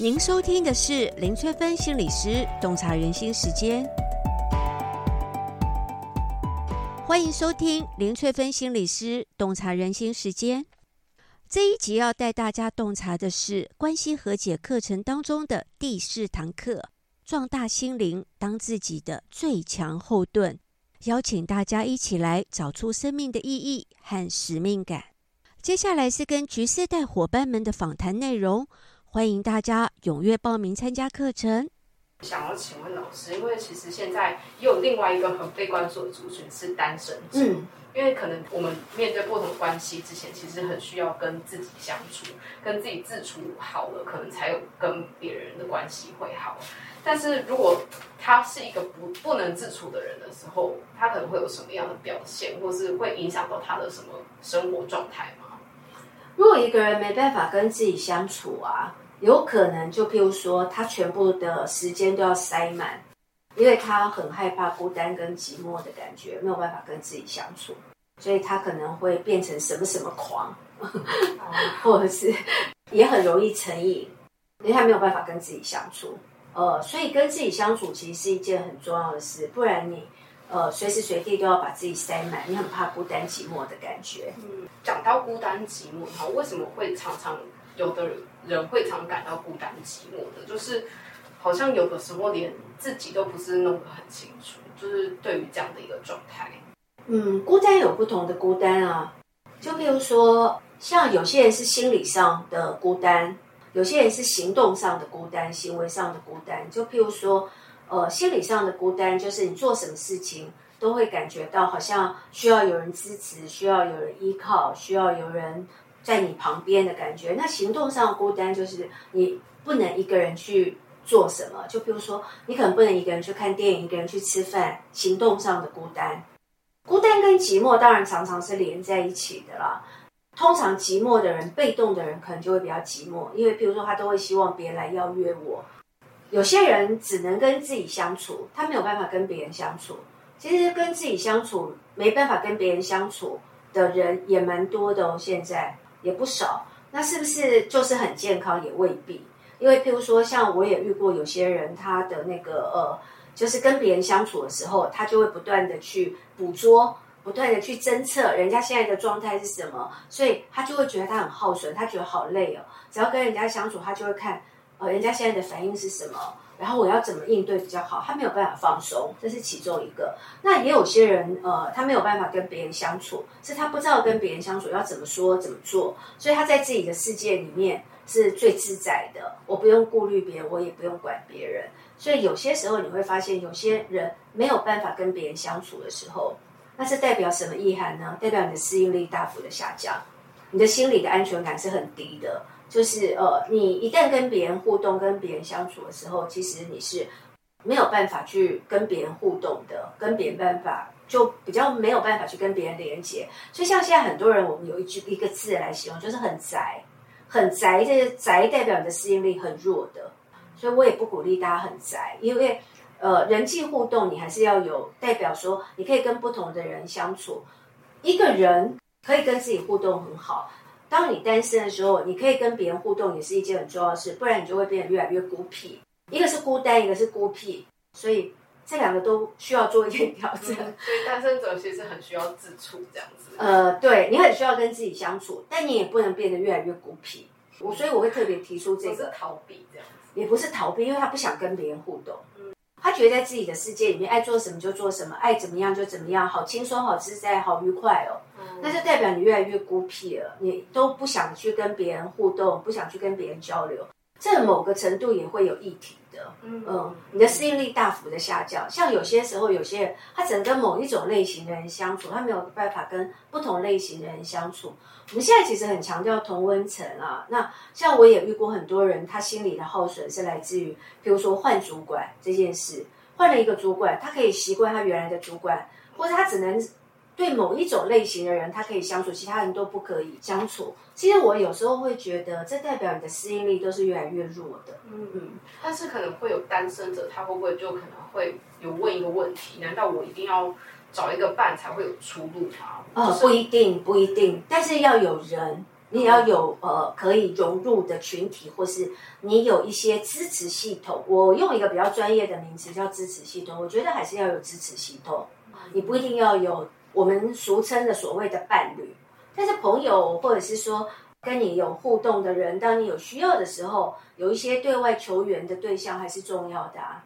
您收聽的是林萃芬心理師洞察人心時間，歡迎收聽林萃芬心理師洞察人心時間。這一集要帶大家洞察的是關係和解課程當中的第四堂課：壯大心靈，當自己的最強後盾。邀請大家一起來找出生命的意義和使命感。接下來是跟橘世代夥伴們的訪談內容。歡迎大家踴躍報名參加課程。想要請問老師，因為其實現在也有另外一個很被關注的族群是單身。嗯，因為可能我們面對不同的關係之前，其實很需要跟自己相處，跟自己自處好了，可能才有跟別人的關係會好。但是如果他是一個不不能自處的人的時候，他可能會有什麼樣的表現，或是會影響到他的什麼生活狀態嗎？如果一個人沒辦法跟自己相處啊？有可能，就譬如說，他全部的時間都要塞滿，因為他很害怕孤單跟寂寞的感覺，沒有辦法跟自己相處，所以他可能會變成什麼什麼狂，呵呵，或者是也很容易成癮，因為他沒有辦法跟自己相處。呃，所以跟自己相處其實是一件很重要的事，不然你呃隨時隨地都要把自己塞滿，你很怕孤單寂寞的感覺。嗯，講到孤單寂寞好，為什麼會常常？有的人，人會常感到孤單寂寞的，就是好像有的時候連自己都不是弄得很清楚，就是對於這樣的一個狀態，嗯，孤單有不同的孤單啊，就譬如說像有些人是心理上的孤單，有些人是行動上的孤單，行為上的孤單，就譬如說，呃，心理上的孤單，就是你做什麼事情都會感覺到好像需要有人支持，需要有人依靠，需要有人，在你旁邊的感覺，那行動上的孤單就是你不能一個人去做什麼，就比如說你可能不能一個人去看電影，一個人去吃飯。行動上的孤單，孤單跟寂寞當然常常是連在一起的啦。通常寂寞的人，被動的人，可能就會比較寂寞，因為譬如說他都會希望別人來邀約我。有些人只能跟自己相處，他沒有辦法跟別人相處。其實跟自己相處沒辦法跟別人相處的人也蠻多的哦、喔，現在。也不少，那是不是就是很健康也未必？因為譬如說，像我也遇過有些人，他的那個呃，就是跟別人相處的時候，他就會不斷的去捕捉，不斷的去偵測人家現在的狀態是什麼，所以他就會覺得他很耗損，他覺得好累哦。只要跟人家相處，他就會看，呃，人家現在的反應是什麼。然後我要怎麼應對比較好？他沒有辦法放鬆，這是其中一個。那也有些人，呃，他沒有辦法跟別人相處，是他不知道跟別人相處要怎麼說怎麼做，所以他在自己的世界裡面是最自在的。我不用顧慮別人，我也不用管別人。所以有些時候你會發現，有些人沒有辦法跟別人相處的時候，那是代表什麼意涵呢？代表你的適應力大幅的下降，你的心理的安全感是很低的。就是呃，你一旦跟別人互動、跟別人相處的時候，其實你是沒有辦法去跟別人互動的，跟別人辦法就比較沒有辦法去跟別人連接。所以像現在很多人，我們有一句一個字來形容，就是很宅。很宅的、就是、宅代表你的適應力很弱的，所以我也不鼓勵大家很宅，因為呃，人際互動你還是要有代表說，你可以跟不同的人相處。一個人可以跟自己互動很好。當你單身的時候，你可以跟別人互動，也是一件很重要的事，不然你就會變得越來越孤僻。一個是孤單，一個是孤僻，所以這兩個都需要做一點調整。所以、嗯、單身者其實很需要自處這樣子。呃，對，你很需要跟自己相處，但你也不能變得越來越孤僻。我、嗯、所以我會特別提出這個逃避這樣子，也不是逃避，因為他不想跟別人互動，嗯、他覺得在自己的世界裡面，愛做什麼就做什麼，愛怎麼樣就怎麼樣，好輕鬆，好自在，好愉快哦。那就代表你越來越孤僻了，你都不想去跟別人互動，不想去跟別人交流，這某個程度也會有議題的。嗯，嗯，嗯，你的適應力大幅的下降。像有些時候，有些人他只能跟某一種類型的人相處，他沒有辦法跟不同類型的人相處。我們現在其實很強調同溫層啊。那像我也遇過很多人，他心理的耗損是來自於，比如說換主管這件事，換了一個主管，他可以習慣他原來的主管，或者他只能。對某一種類型的人，他可以相處，其他人都不可以相處。其實我有時候會覺得，這代表你的適應力都是越來越弱的。嗯嗯。但是可能會有單身者，他會不會就可能會有問一個問題：難道我一定要找一個伴才會有出路嗎？就是，哦，不一定，不一定。但是要有人，你要有呃可以融入的群體，或是你有一些支持系統。我用一個比較專業的名詞叫支持系統。我覺得還是要有支持系統，你不一定要有。我們俗稱的所謂的伴侶，但是朋友或者是說跟你有互動的人，當你有需要的時候，有一些對外求援的對象還是重要的啊。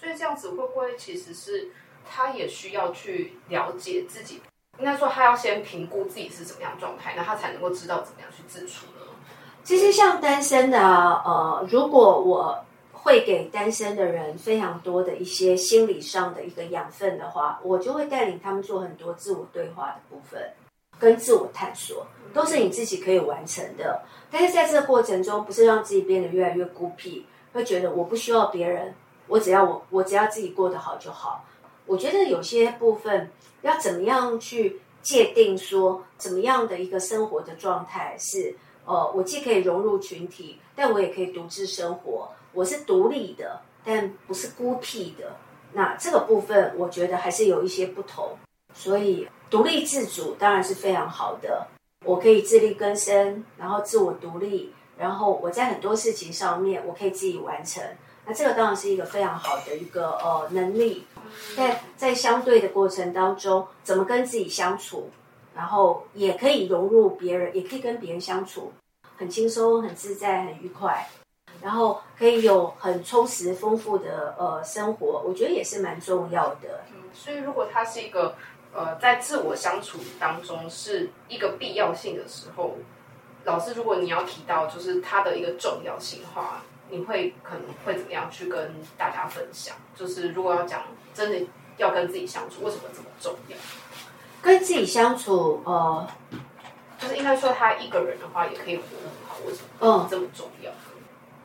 所以這樣子會不會其實是他也需要去了解自己？應該說他要先評估自己是怎麼樣狀態，那他才能夠知道怎麼樣去自處呢？其實像單身的啊，呃，如果我。會給單身的人非常多的一些心理上的一個養分的話，我就會帶領他們做很多自我對話的部分，跟自我探索，都是你自己可以完成的。但是在這個過程中，不是讓自己變得越來越孤僻，會覺得我不需要別人，我只要我，我只要自己過得好就好。我覺得有些部分要怎麼樣去界定說，說怎麼樣的一個生活的狀態是，呃，我既可以融入群體，但我也可以獨自生活。我是獨立的，但不是孤僻的。那這個部分，我覺得還是有一些不同。所以，獨立自主當然是非常好的。我可以自力更生，然後自我獨立，然後我在很多事情上面我可以自己完成。那這個當然是一個非常好的一個呃能力。但在相對的過程當中，怎麼跟自己相處，然後也可以融入別人，也可以跟別人相處，很輕鬆、很自在、很愉快。然後可以有很充實、豐富的呃生活，我覺得也是蠻重要的。嗯，所以如果他是一個呃在自我相處當中是一個必要性的時候，老師，如果你要提到就是他的一個重要性的話，你會可能會怎麼樣去跟大家分享？就是如果要講真的要跟自己相處，為什麼這麼重要？跟自己相處呃，就是應該說他一個人的話也可以活得很好，為什麼這麼重要？嗯。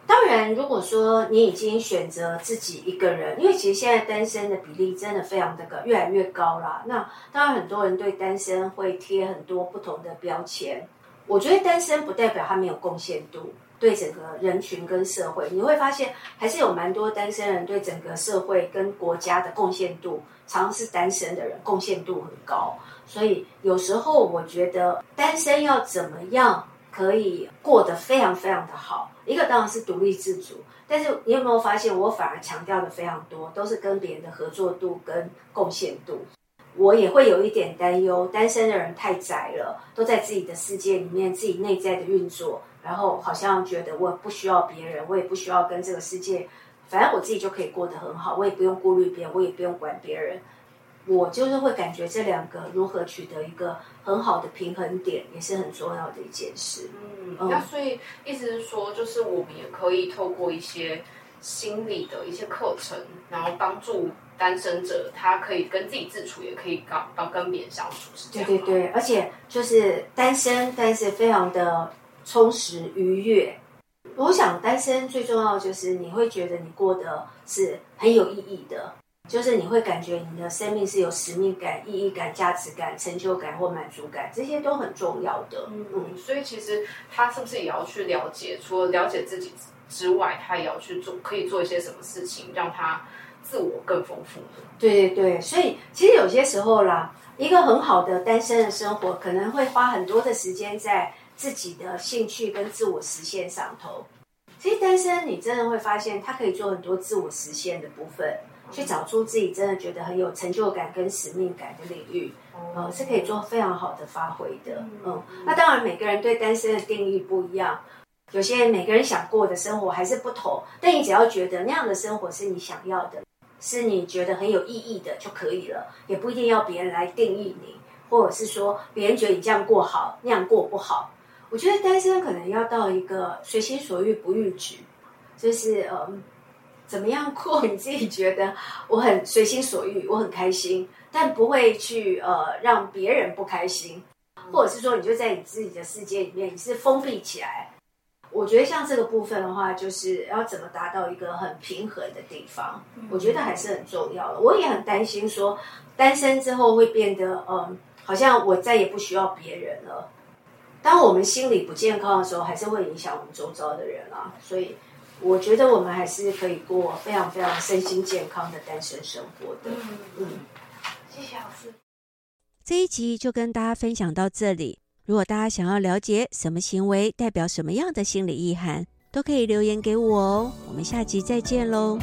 當然，如果說你已經選擇自己一個人，因為其實現在單身的比例真的非常的高，越來越高啦。那當然，很多人對單身會貼很多不同的標籤。我覺得單身不代表他沒有貢獻度，對整個人群跟社會，你會發現還是有蠻多單身人對整個社會跟國家的貢獻度，常常是單身的人貢獻度很高。所以有時候我覺得單身要怎麼樣？可以過得非常非常的好，一個當然是獨立自主，但是你有沒有發現，我反而強調的非常多，都是跟別人的合作度跟貢獻度。我也會有一點擔憂，單身的人太宅了，都在自己的世界裡面，自己內在的運作，然後好像覺得我不需要別人，我也不需要跟這個世界，反正我自己就可以過得很好，我也不用顧慮別人，我也不用管別人。我就是會感覺這兩個如何取得一個很好的平衡點，也是很重要的一件事，嗯。嗯，那所以意思是說，就是我們也可以透過一些心理的一些課程，然後幫助單身者，他可以跟自己自處，也可以搞搞跟別人相處是這樣。對對對，而且就是單身，但是非常的充實愉悅。我想單身最重要就是你會覺得你過得是很有意義的。就是你會感覺你的生命是有使命感、意義感、價值感、成就感或滿足感，這些都很重要的。嗯，所以其實他是不是也要去了解？除了了解自己之外，他也要去做，可以做一些什麼事情，讓他自我更豐富。對對對，所以其實有些時候啦，一個很好的單身的生活，可能會花很多的時間在自己的興趣跟自我實現上頭。其實單身，你真的會發現，他可以做很多自我實現的部分。去找出自己真的覺得很有成就感跟使命感的領域，呃、嗯嗯，是可以做非常好的發揮的。嗯，那當然每個人對單身的定義不一樣，有些人每個人想過的生活還是不同。但你只要覺得那樣的生活是你想要的，是你覺得很有意義的就可以了，也不一定要別人來定義你，或者是說別人覺得你這樣過好，那樣過不好。我覺得單身可能要到一個隨心所欲不逾矩，就是嗯。怎麼樣過？你自己覺得我很隨心所欲，我很開心，但不會去呃讓別人不開心，或者是說你就在你自己的世界裡面，你是封閉起來。我覺得像這個部分的話，就是要怎麼達到一個很平衡的地方，我覺得還是很重要的。我也很擔心說，單身之後會變得嗯、呃，好像我再也不需要別人了。當我們心理不健康的時候，還是會影響我們周遭的人啊。所以。我覺得我們還是可以過非常非常身心健康的單身生活的。嗯，謝謝老師。這一集就跟大家分享到這裡。如果大家想要了解什麼行為代表什麼樣的心理意涵，都可以留言給我哦。我們下集再見嘍。